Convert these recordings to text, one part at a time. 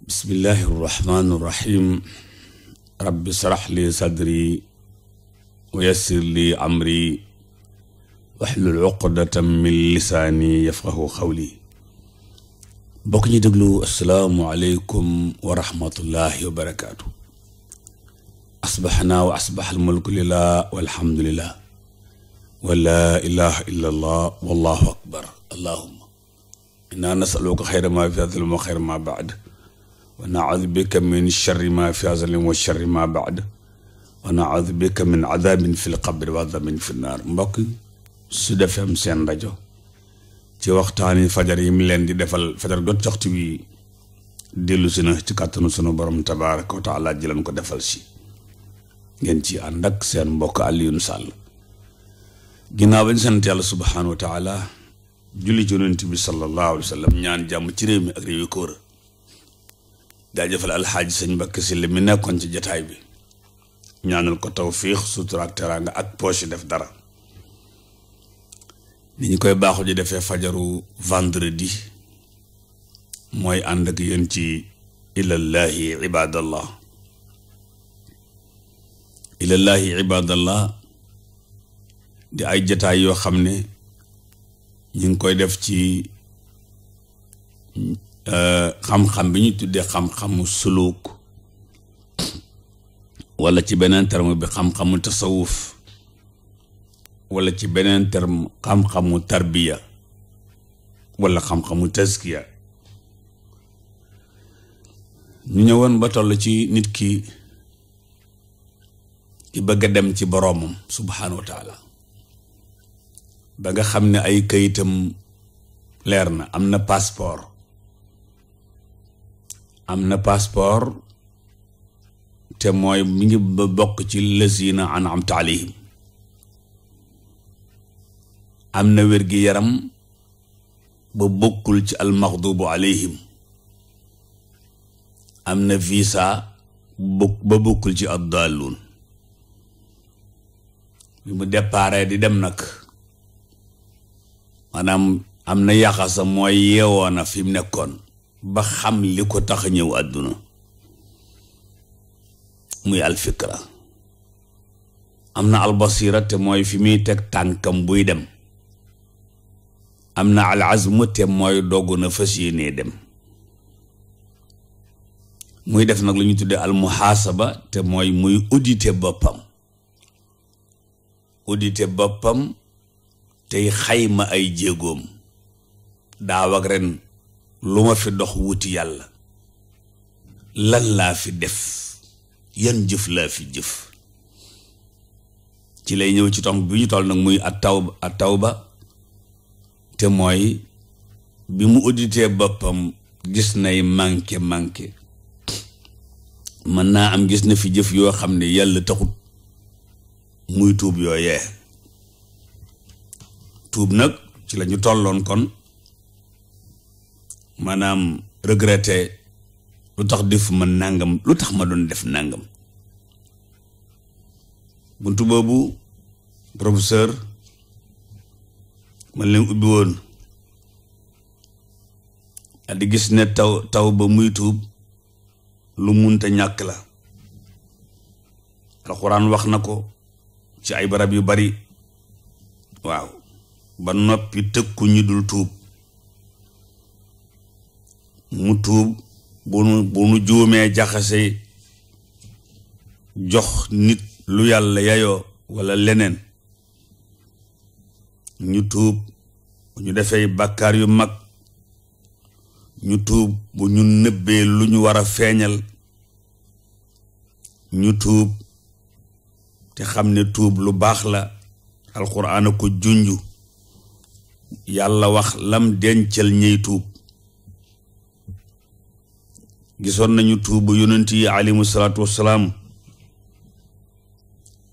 bismillahi irrahmani irrahim rabbi sarax li sadri wa yassir li amri waxlul uqdatan min lisaani yafqahu xawli bokk ñu déglu asalaamualeykum wa rahmatullahi wa barakaatu asbaxnaa wa asbaxal mulku lillah walhamdulillah wa laa ilaha illa allah wallahu akbar allahuma inna nasaluka xayra ma fi hadal ma xayra ma baad wa naaudu bika min sharri ma fi hazalim wa sharri ma baad wa naaudu bika min adabin fi lqabri wa adabin fi naar mbokk Sud FM seen rajo ci waxtaani fajar yi mu leen di defal fajar jot waxtu wi dellu si na ci kàttanu sunu borom tabaaraka wa taala ji leen ko defal si ngeen ci ànd ak seen mbokk Alioune Sall ginnaaw bañ sant yàlla subhaanahu wa taala julli ci yonent bi sallallahu alayhi wa sallam ñaan jàmm ci réew mi ak réew yi ko wër jaajëfal alxaaji sëñ Mbàkke si li nekkoon ci jataay bi ñaanal ko tawfiix sutura ak teraanga ak poche def dara ni koy baaxu ji defee fajaru vendredi mooy ànd ak yéen ci ilallahi ibadallah ilallahi di ay jataay yoo xam ne ñu ngi koy def ci Euh, xam-xam bi ñu tuddee xam-xamu suluk wala ci beneen terme bi xam-xamu tasawuf walla ci beneen terme xam-xamu tarbiya wala xam-xamu taskiya ñu ñëwoon ba toll ci nit ki ki bëgg a dem ci boroomam subhaanahu wa ba nga xam ni ay kayitam leer na am na passeport am na passeport te mooy mi ngi ba bokk ci lazina an'amta alayhim am na wér yaram ba bokkul ci almaxdubu alayhim am na visa bokk ba bokkul ci addaalluun bi mu depare di dem nag maanaam am na yaxasa mooy yeewoona fi mu nekkoon ba xam li ko tax a ñëw àdduna muy alfikra am na albasira te mooy fi muy teg tànkam buy dem am na alazm te mooy dogu na fas yéenee dem muy def nag lu ñu tuddee almuhaasaba te mooy muy auditer boppam auditer boppam tey xayma ay jéegoom daaw ak ren lu ma fi dox wuti yàlla lan laa fi def yan jëf laa fi jëf ci lay ñëw ci tomb bi ñu toll nag muy at tawba at tawba te mooy bi mu audité boppam gis nay manqué manqué mën naa am gis na fi jëf yoo xam ne yàlla taxut muy tuub yooyee tuub nag ci la tolloon kon maanaam regretté lu tax def ma nangam lu tax ma doon def nangam buntu boobu professeur man leen ubbi woon a di gis ne taw taw ba muy tuub lu munta ñàkk la alxuraan wax na ko ci ay barab yu bari waaw ba noppi tëkku ñi dul tuub mu tuub bu nu juumee jaxase jox nit lu yàlla yayoo walla leneen ñu tuub bu ñu defee bakkar yu mag ñu tuub bu ñu nëbbee lu ñu war a feeñal ñu tuub te xam ne tuub lu baax la alxuraan a ko junju yàlla wax lam dencal ñey tuub gisoon nañu tuubu yonent yi alimu salaatu wassalaam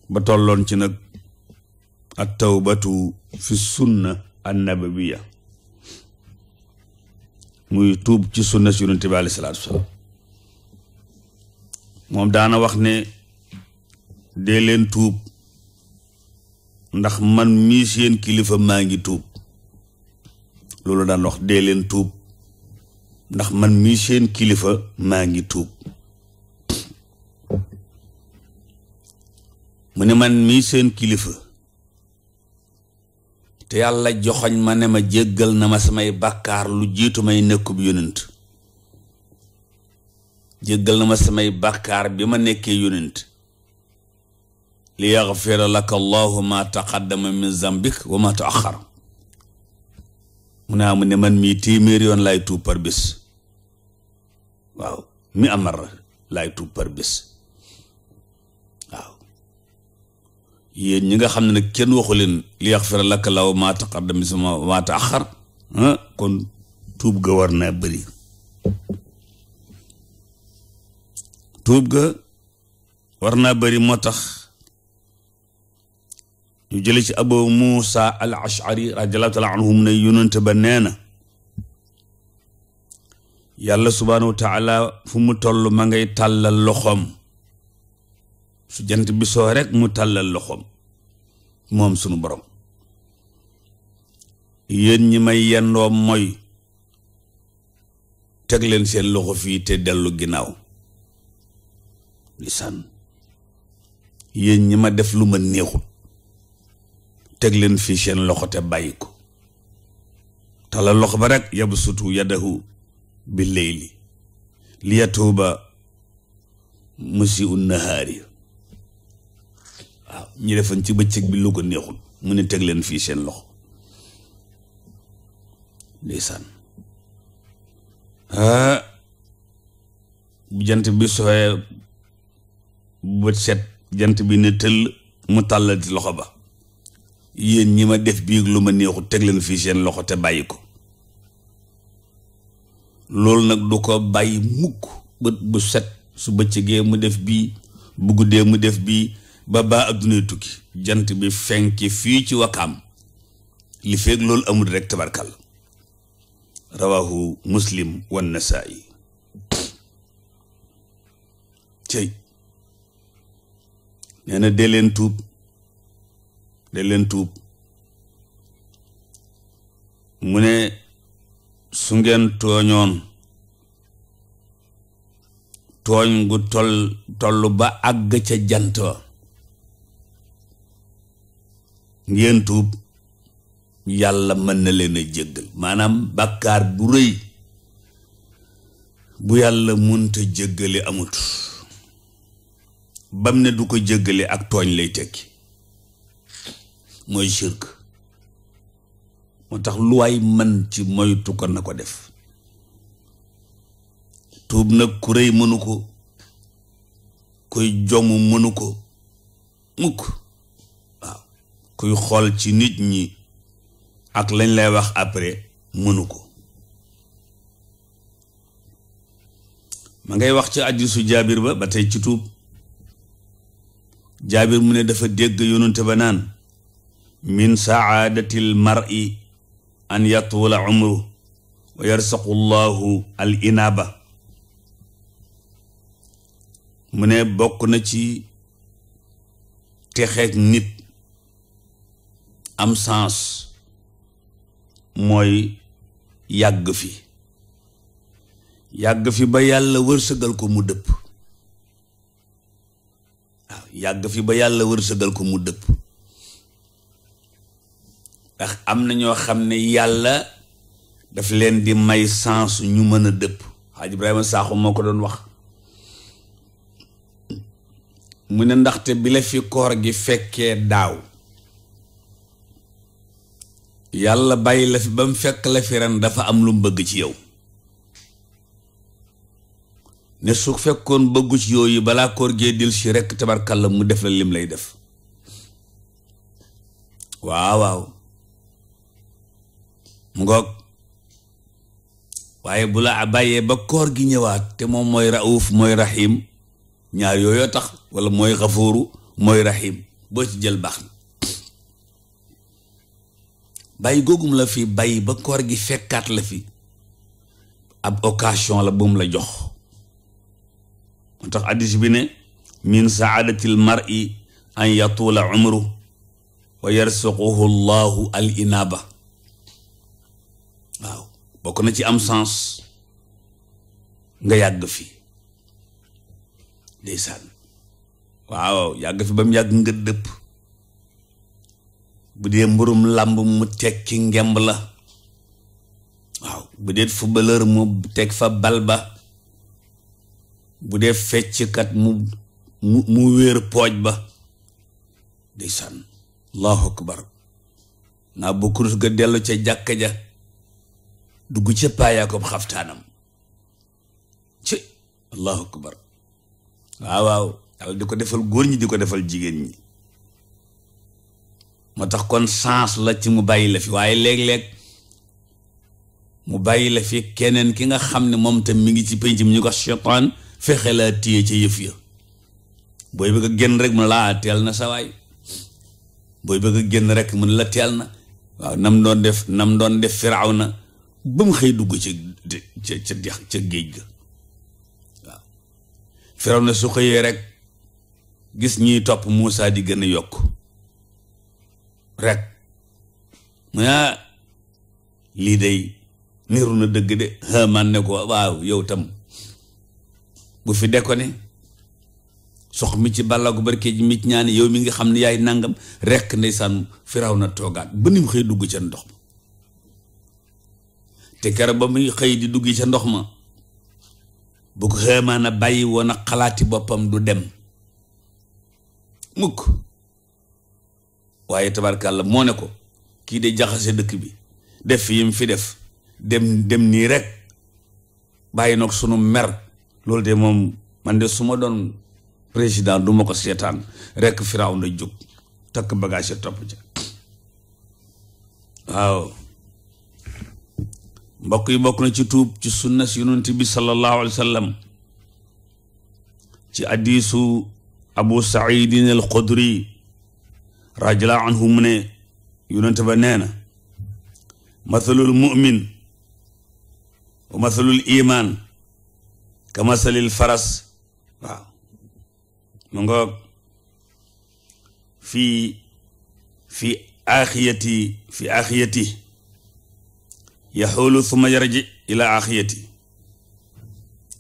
ba tolloon ci nag at tawbatu fi sunna annabawiya muy tuub ci sunna si yonent bi alayhi salaatu wassalaam moom daana wax ne dee leen tuub ndax man mii seen kilifa maa ngi tuub loolu daan wax dee leen tuub ndax man mii seen kilifa maa ngi tuub mu ne man mii seen kilifa te yàlla joxoñ ma ne ma jéggal na ma samay bàkkaar lu jiitu may nekkub yonent jéggal na ma samay bàkkaar bi ma nekkee yonent li yaxfira laka allahu ma taqaddama min zambik wa ma taaxar mu ah, mu ne man mii téeméer yoon laay tuub par bés waaw mi amar laay tuub par bés waaw yéen ñi nga xam ne nag kenn waxu leen li yaxfira laka law maa taqaddama sama maa taaxar ah, kon tuub ga war naa bëri tuub ga war naa bëri moo tax ñu jële ci abu muusa al ashari radiallahu taala anhu ne yonente ba nee na yàlla subhaanahu wa fu mu toll ma ngay tàllal loxoom su jant bi soo mu tàllal loxoom moom sunu borom yéen ñi may yendoom mooy teg leen seen loxo fii te dellu ginnaaw lisaan yéen ñi ma def lu ma neexut teg leen fii seen loxo te bàyyi ko tàllal loxo ba rek yabsutu yadahu bi leyli li yatuuba na nahaari waaw ñu defan ci bëccëg bi lu ko neexul mu ne teg leen fii seen loxo ndeysaan ah bu jant bi sooyee bët set jant bi ne tëll mu tàllati loxo ba yéen ñi ma def biig lu ma neexul teg leen fii seen loxo te bàyyi ko loolu nag du ko bàyyi mukk bu set su bëccëgee mu def bii bu guddee mu def bii ba baa addunay tukki jant bi fenk fii ci wakaam li feeg loolu amul rek tabarkal rawahu muslim wan nasaa'i cëy nee na leen tuub dee tuub mu ne su ngeen tooñoon tooñ gu toll toll ba agg ca jant wa ngeen tuub yàlla mën na leen a jéggal maanaam bàkkaar bu rëy bu yàlla munta jéggale amut bam ne du ko jéggale ak tooñ lay tekki mooy sirk moo tax luwaay man ci mooy ko na ko def tuub na ku rëy mënu ko kuy jomm mënu ko mukk kuy xool ci nit ñi ak lañ lay wax après mënu ko ma ngay wax ci hadiisu jaabir ba ba tey ci tuub jaabir mu ne dafa dégg yonente ba naan min saadatil mar'i an yatula umru wa yarsaqu llahu al inaaba mu ne bokk na ci texeeg nit am sens mooy yàgg fi yàgg fi ba yàlla wërsëgal ko mu dëpp waaw fi ba yàlla wërsëgal ko mu dëpp ndax am na ñoo xam ne yàlla daf leen di may sens ñu mën a dëpp xaaj Ibrahima Sakho moo ko doon wax mu ne ndaxte bi la fi koor gi fekkee daaw yàlla bàyyi la fi ba mu fekk la fi ren dafa am lu mu bëgg ci yow ne su fekkoon bëggu ci yi balaa koor gee dil si rekk tabarkalla mu def la lim lay def waaw waaw mu ngoog waaye bu la bàyyee ba koor gi ñëwaat te moom mooy rauf mooy rahim tax wala mooy xafuuru mooy boo ci jël baax na bàyyi googum la fi bàyyi ba koor gi fekkaat la fi ab occasion la bu la jox moo tax addis bi ne min saadatil mar'i an yatula umru wa yarsuquhu llahu al inaba waaw bokk na ci am sens nga yàgg fi ndeysaan waaw yàgg fi ba mu yàgg nga dëpp bu dee mburum làmb mu tekki ngemb la waaw bu dee footballeur mu teg fa bal ba bu dee fecckat mu mu mu wéer pooj ba ndeysaan allahu akbar naa bu kurus ga dellu ca jàkka ja dugg ca paayaa ko xaftaanam ci allahu akbar waaw waaw yàlla di ko defal góor ñi di ko defal jigéen ñi moo tax kon sens la ci mu bàyyi la fi waaye léeg-léeg mu bàyyi la fi keneen ki nga xam ne moom tam mu ngi ci penc mi ñu ko seytaan fexe laa téye ca yëf ya booy bëgg a génn rek mun laa teel na sawaay booy bëgg a génn rek mun la teel na waaw nam doon def nam doon def firaw na ba mu xëy dugg ca ca ca géej ga waaw firaw na su xëyee rek gis ñiy topp Moussa di gën a yokk rek mu naa ah, lii day niru na dëgg de man ne ko waaw yow tam bu fi de ko ne sox mi ci bàllagu barke ji mi ñaane yow mi ngi xam ne yaay nangam rekk rek ndeysaan firaw na toogaat ba ni mu xëy dugg ca ndox te garab ba muy xëy di dugg ca ndox ma bu ko xeemaana bàyyi woon a xalaati boppam du dem mukk waaye tabarkàlla moo ne ko kii de jaxase dëkk bi def fi yim fi def dem dem nii rek bàyyi nag sunu mer loolu de moom man de su doon président du ma ko seetaan rek firaaw na jóg takk bagage topp ca waaw mbokk yi bokk na ci tuub ci sunna si yonent bi sallallahu alayhi wa sallam ci hadiisu abu saidin al xudri radiallahu anhu mu ne yonent ba nee na mathalul mu'min wa mathalul iman ka mathalil faras waaw mu fi axiyati fi axiyati yaxuulu suma yarji ilaa axiyati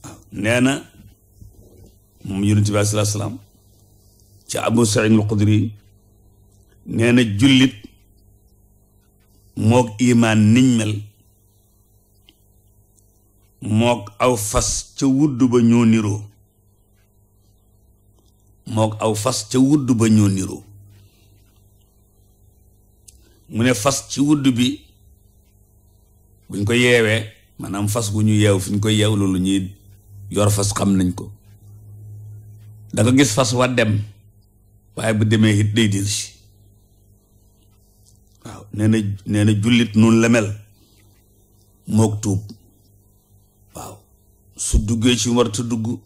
waaw nee na moom yonent bi salaam ci abu saïd al xudri nee jullit mook imaan niñ mel mook aw fas ca wudd ba ñoo niroo mook aw fas ca wudd ba ñoo niroo mu fas ci wudd bi buñ ko yeewee maanaam fas gu ñu yeew fi ñu ko yeew loolu ñuy yor fas xam nañ ko danga gis fas wa dem waaye bu demee it day dir si waaw nee na jullit noonu la mel mook tuub waaw su duggee ci warta dugg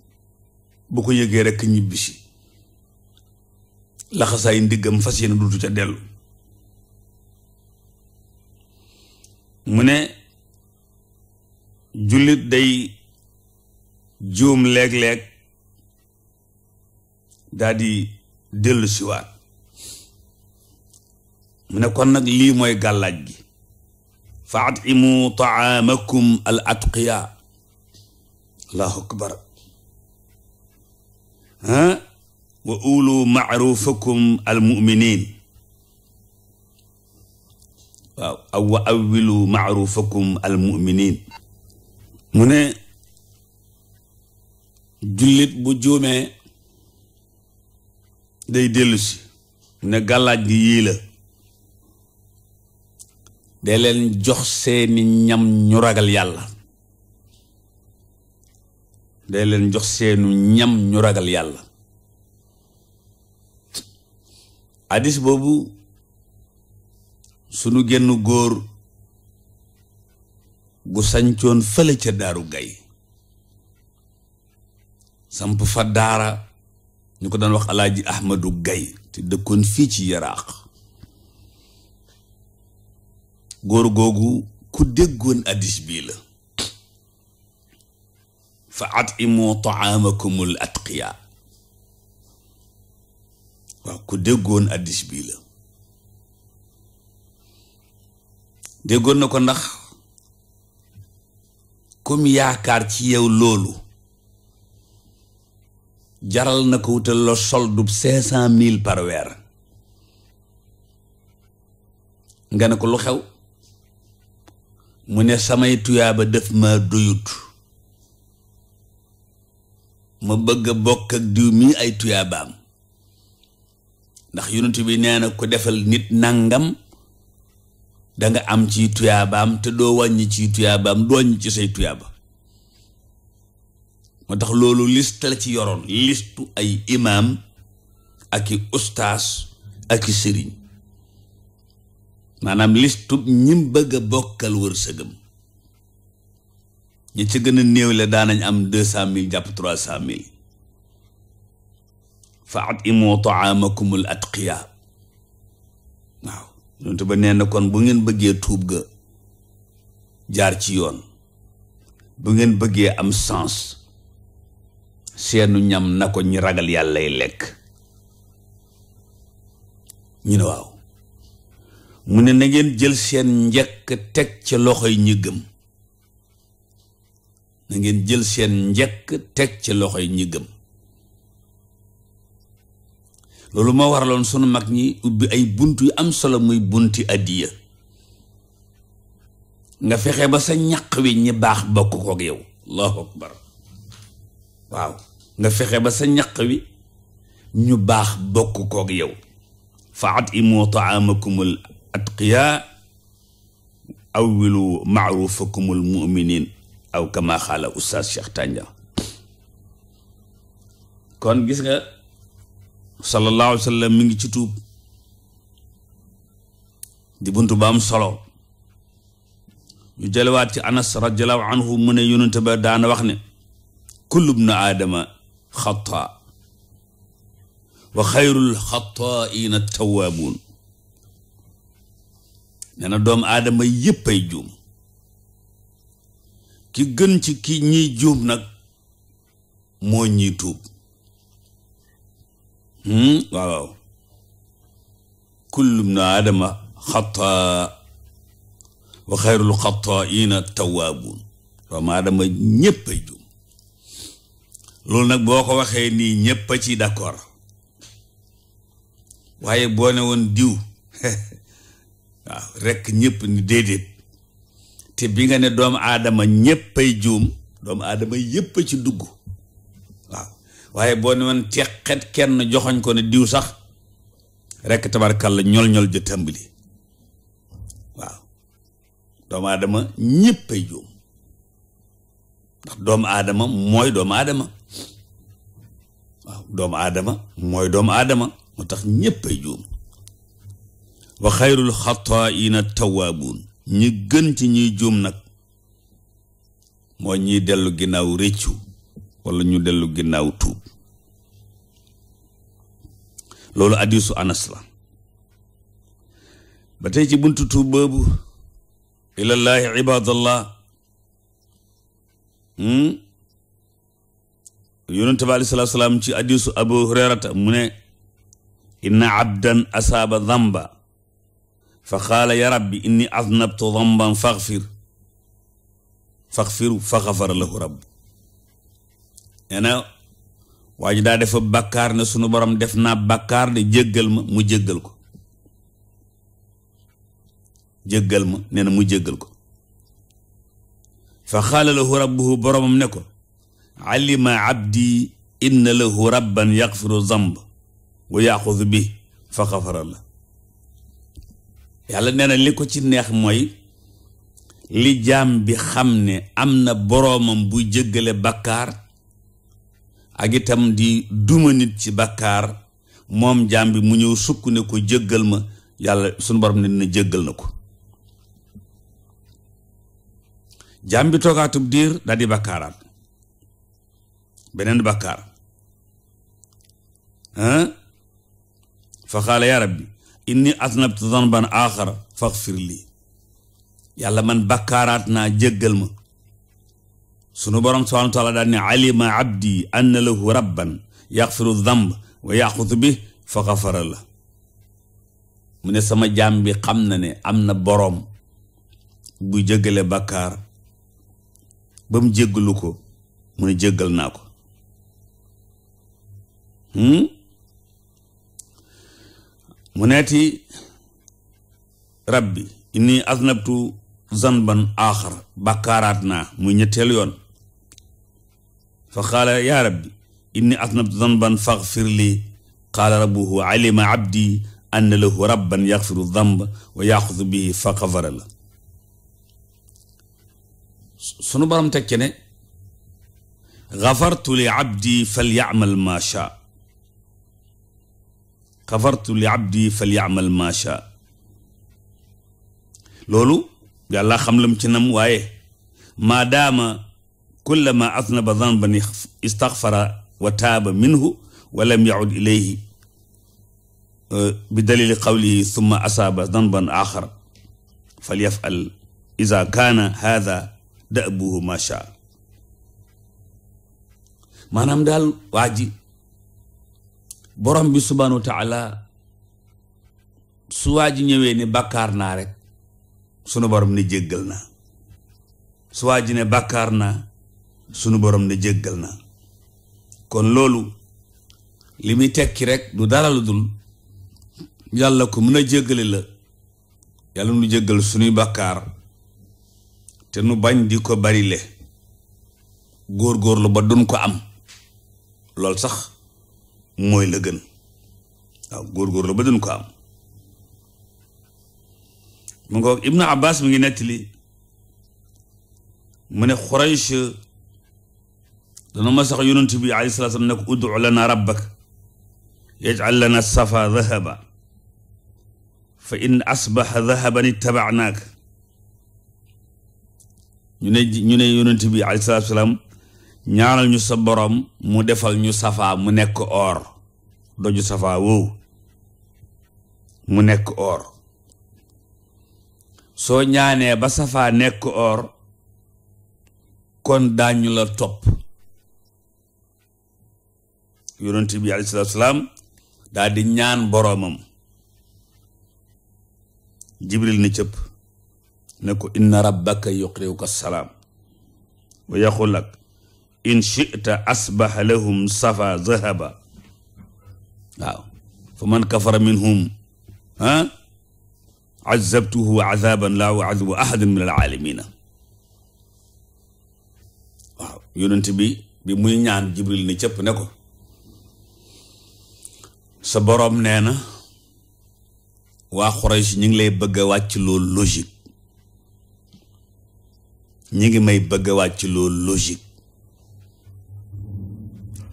bu ko yëgee rekk ñibbi si laxasaay ndiggam fas yéene duutu ca dellu mu ne jullit day juum léeg-léeg daal dellu siwaat mu ne kon nag lii mooy gàllaaj gi fa atimu taamakum al atqiya akbar ha wa ulu maarufakum al aw wa awilu maarufakum al mu ne jullit bu juumee day dellusi ne gàllaaj gi yii la de leen jox seeni ñam ñu ragal yàlla de leen jox seenu ñam ñu ragal yàlla hadis boobu sunu génn góor bu sañcoon fële ca daaru gay samp fa daara ñu ko daan wax alaaji ahmadu gay te dëkkoon fii ci yaraax góor googu ku déggoon addis bii la fa atimu taamakumul atqiya waaw ku déggoon addis bii la déggoon na ko ndax comme yaakaar ci yow loolu jaral na ko wutal la soldu cinq cent mille par weer nga ne ko lu xew mu ne samay tuyaaba def ma doyut ma bëgg bokk ak diw mii ay tuyaabaam ndax yonent bi nee na ko defal nit nàngam danga am ci tuyaabaam te doo wàññi ci tuyaabaam doo wàññi ci say tuyaaba moo tax loolu list la ci yoroon listu ay imaam ak i ustaas ak i sëriñ maanaam listu ñi bëgg a bokkal wërsëgam ñi ci gën a néew la daanañ am deux cent mille jàpp trois cent mille fa at imu taamakumul atqiya yonent ba nee na kon bu ngeen bëggee tuub ga jaar ci yoon bu ngeen bëggee am sens seenu ñam na ko ñi ragal yàllay lekk ñu ne waaw mu ne na jël seen njëkk teg ci loxoy ñi gëm na jël seen njëkk teg ci loxoy ñi gëm loolu moo waraloon sunu mag ñi ubbi ay bunt yu am solo muy bunti addiya nga fexe ba sa ñaq wi ñi baax bokk kook yow allahu akbar waaw nga fexe ba sa ñaq wi ñu baax bokk kook yow fa atimu taamakumul atqiya awilu maarufakumul muminin aw kama xaala oustaz Cheikh Tandian kon gis nga sallallahu alayhi wa mi ngi ci tuub di buntu ba am solo ñu jëlewaat ci anas radiallahu anhu mu ne yonente ba daana wax ne kullu bnu aadama xataa wa xayrul xataaina tawaabuun nee na doom aadama yépp ay juum ki gën ci ki ñiy juum nag moo ñiy tuub waaw hmm? waaw kullu bnu aadama xataa wa xayrul xataa'iina tawwaabuun doomu aadama ñépp ay juum nag boo ko waxee nii ñépp a ci d'accord waaye boo ne woon diw waaw rekk ñépp ni déedéet te bi nga ne doomu aadama ñépp ay doomu aadama yépp a ci dugg waaye boo ne woon teqet kenn joxoñ ko ne diw sax rekk tabarkàlla ñol ñol ja tàmbali waaw doomu aadama ñéppay juum ndax doomu aadama mooy doomu aadama waaw doomu aadama mooy doomu aadama moo tax ñéppay juum wa xayrul xataa'iina tawaabuun ñi gën ci ñuy juum nag moo ñiy dellu ginnaaw rëccu wala ñu dellu ginnaaw tuub loolu hadiisu anas la ba tey ci buntu tuub boobu ilallaahi ibaadallah hmm? yonente bi alayhi abu hurayrata mu ne inna abdan asaaba damba fa qaala ya rabbi inni aznabtu damban faxfir faxfiru fa xafara lahu rabbu nee na ji daa def bàkkaar ne sunu borom def naa bàkkaar de jéggal ma mu jéggal ko jéggal ma nee na mu jéggal ko fa xaala lahu rabbuhu boromam ne ko alima abdi inna lahu rabban yaxfiru zamb wa yaxudu bi fa xafara la yàlla nee li ko ci neex mooy li jaam bi xam ne am na boroomam buy jéggale bàkkaar ak itam di duma nit ci bàkkaar moom jaam mu ñëw sukk ne ko jëggal ma yàlla sunu borom ne na jëggal na ko jaam bi toogaatub diir daal di bàkkaaraat beneen bàkkaar fa qaala yaa rabbi inni aznabtu zanban axara faxfir lii yàlla man bakkaaraat naa jëggal ma sunu borom subhaanahu wa taala daal ne alima abdi anna lahu rabban yaxfiru damb wa yaxutu bi fa xafara la mu ne sama jaam bi xam na ne am na boroom bu jéggale bàkkaar ba mu jéggalu ko mu ne jéggal naa ko hmm? mu neeti rabbi inni aznabtu zanban aaxar bàkkaaraat naa muy ñetteelu yoon fa qaala yaa rabbi inni asnabtu danban faghfir li qaala rabbuhu alima abdi anna lahu rabban yaghfiru danba wa yaxudu bihi fa xafara la sunu borom teg ci ne xafartu li abdi fal yaamal maa shaa xafartu li abdi fal yaamal maa shaa loolu yàlla xam lam ci nam waaye maadaama kullama aznaba zanban istaxfara wa taaba minhu wa lam yaud ilayhi bi dalili qawlihi summa asaaba zanban axar falyafal ida kaana haada dabuhu ma shaa maanaam daal waa ji borom bi subhaanahu wa taala su waa ji ñëwee ne bàkkaar naa rek sunu borom ne jéggal naa su waa ji ne bàkkaar naa sunu borom ne jéggal na kon loolu li muy tekki rek du dara dul yàlla ko mën a jéggale la yàlla nu jéggal sunuy bàkkaar te nu bañ di ko barile góor-góorlu ba duñ ko am loolu sax mooy la gën waaw góor-góorlu ba duñ ko am mu nga Ibnu Abbas mi ngi nettali mu ne Xuraysh dana ma sax yonent bi alayhi salaatu salaam ud'u lana rabbaka yaj'al lana safa dhahaba fa in asbaha dhahaban ittaba'naaka ñu ne ñu ne yonent bi alayhi salaatu salaam ñaanal ñu sa boroom mu defal ñu safa mu nekk or doju safaa woowu mu nekk or soo ñaanee ba safa nekk or kon daañu la topp yonent bi alayhi salaatu salaam daal di ñaan boroomam jibril ni cëpp ne ko inna rabbaka yuqri'uka salaam wa yaqul lak in shi'ta asbaha lahum safa zahaba waaw fa man kafara minhum ah azabtuhu azaban laa uazibu ahadan min alaalamina waaw yonent bi bi muy ñaan jibril ni cëpp ne ko sa boroom nee na waa Quraysh ñu ngi lay bëgg wàcc loolu logique ñu ngi may bëgg wàcc loolu logique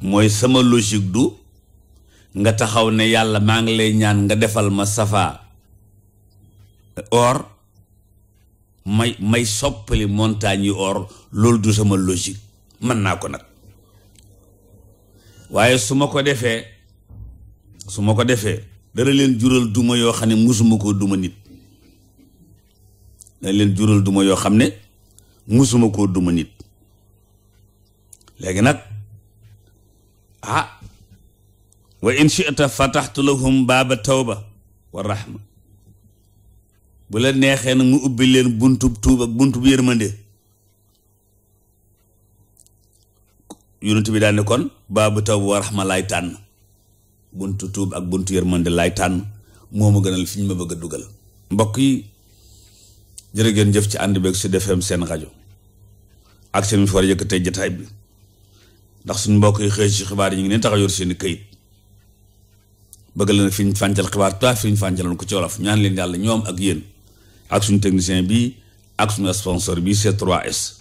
mooy sama logique du nga taxaw ne yàlla maa ngi lay ñaan nga defal ma safaa or may may soppali montagne yi or loolu du sama logique mën naa ko nag waaye su ma ko defee su ma ko defee dana leen jural duma yoo xam ne musuma koo duma nit dana leen jural duma yoo xam ne musuma koo duma nit léegi nag ah wa in shi'ta fataxtu lahum baaba tawba wa rahma bu la neexee nag mu ubbi leen buntub tuub ak buntub yërmande yonent bi daal ne kon baaba tawba wa rahma laay tànn buntu tuub ak buntu yërmande laay tànn moo ma gënal fi ñu ma bëgg a dugal. mbokk yi jërë jëf ci ànd beeg su seen rajo ak seen for yëkkatee jotaay bi ndax suñu mbokk yi ci xibaar yi ñu ngi leen tax yor seeni kayit këyit bëgg leen fi ñu fàncal xibaar toi fi ñu fàncaloon ko ci wolof ñaan leen yàlla ñoom ak yéen ak suñu technicien bi ak suñu sponsor bi C3S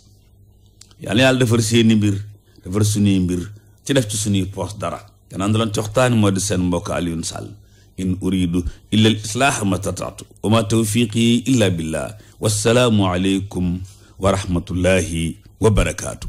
yàlla yàlla defar seeni mbir defar suñuy mbir ci def ci suñuy poos dara. kanaan coxtaani moo di seen mbokk Alioune Sall in uridu illa al islaaha ma tataatu wa ma tawfiqi illa billah wassalaamu aleykum wa rahmatullahi wa barakaatu